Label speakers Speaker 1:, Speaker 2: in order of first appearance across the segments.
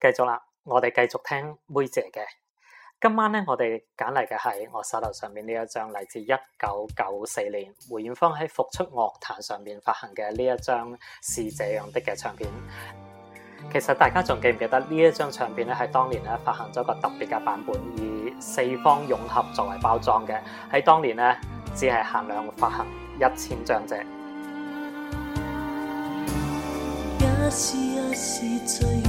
Speaker 1: 繼續啦，我哋繼續聽梅姐嘅。今晚咧，我哋揀嚟嘅係我手頭上面呢一張嚟自一九九四年梅艷芳喺復出樂壇上面發行嘅呢一張是這樣的嘅唱片。其實大家仲記唔記得呢一張唱片咧，喺當年咧發行咗一個特別嘅版本，以四方永合作為包裝嘅。喺當年咧，只係限量發行一千張啫。有
Speaker 2: 時有時醉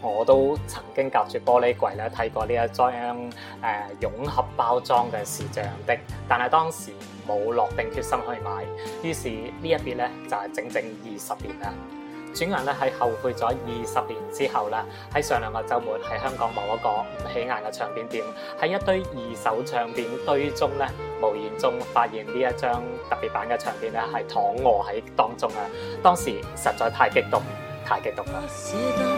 Speaker 1: 我都曾經隔住玻璃櫃咧睇過呢一張誒、呃、融合包裝嘅是這樣的，但係當時冇落定決心可以買，於是這一邊呢一別咧就係、是、整整二十年啦。轉眼咧喺後悔咗二十年之後啦，喺上兩個週末喺香港某一個唔起眼嘅唱片店，喺一堆二手唱片堆中咧無言中發現呢一張特別版嘅唱片咧係躺卧喺當中啊！當時實在太激動，太激動啦～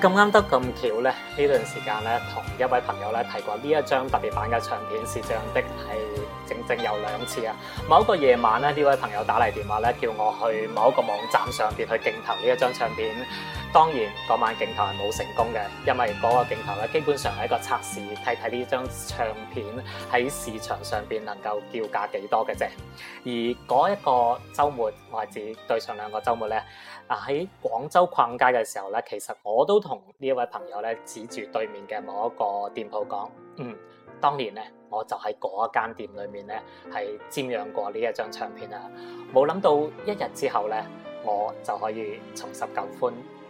Speaker 1: 咁啱得咁巧咧，呢段時間咧，同一位朋友咧提過呢一張特別版嘅唱片是這樣的，係整整有兩次啊！某一個夜晚咧，呢位朋友打嚟電話咧，叫我去某一個網站上面去競投呢一張唱片。當然嗰晚鏡頭係冇成功嘅，因為嗰個鏡頭咧，基本上係一個測試，睇睇呢張唱片喺市場上邊能夠叫價幾多嘅啫。而嗰一個周末，我係指對上兩個周末咧，啊喺廣州逛街嘅時候咧，其實我都同呢一位朋友咧指住對面嘅某一個店鋪講，嗯，當年咧我就喺嗰間店裡面咧係瞻仰過呢一張唱片啊，冇諗到一日之後咧，我就可以重拾舊歡。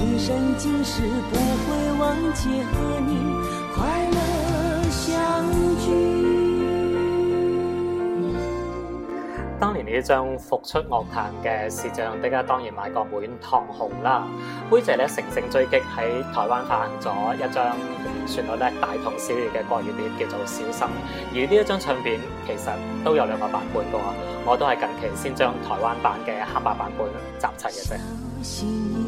Speaker 2: 今生今世，不會忘記和你快樂相聚，嗯。
Speaker 1: 當年呢一張復出樂壇嘅試唱，大家當然買個滿堂紅啦。梅姐呢乘勝追擊喺台灣發行咗一張算係呢大同小異嘅國語碟，叫做《小心》。而呢一張唱片其實都有兩個版本噶，我都係近期先將台灣版嘅黑白版本集齊嘅啫。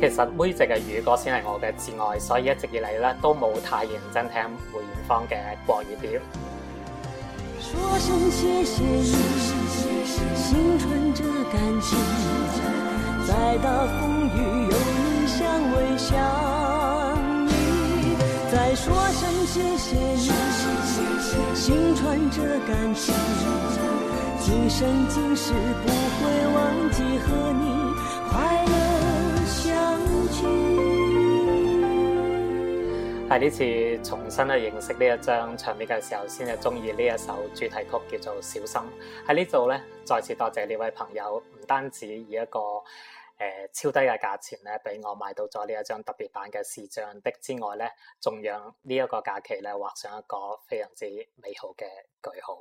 Speaker 1: 其實梅姐嘅粵歌先係我嘅至愛，所以一直以嚟呢都冇太認真聽梅豔芳嘅國語碟。
Speaker 2: 說聲謝謝你。
Speaker 1: 喺呢次重新去認識呢一張唱片嘅時候，先係中意呢一首主題曲叫做《小心》。喺呢度呢，再次多謝呢位朋友，唔單止以一個誒、呃、超低嘅價錢咧，俾我買到咗呢一張特別版嘅視像的之外呢，仲讓呢一個假期咧，畫上一個非常之美好嘅句號。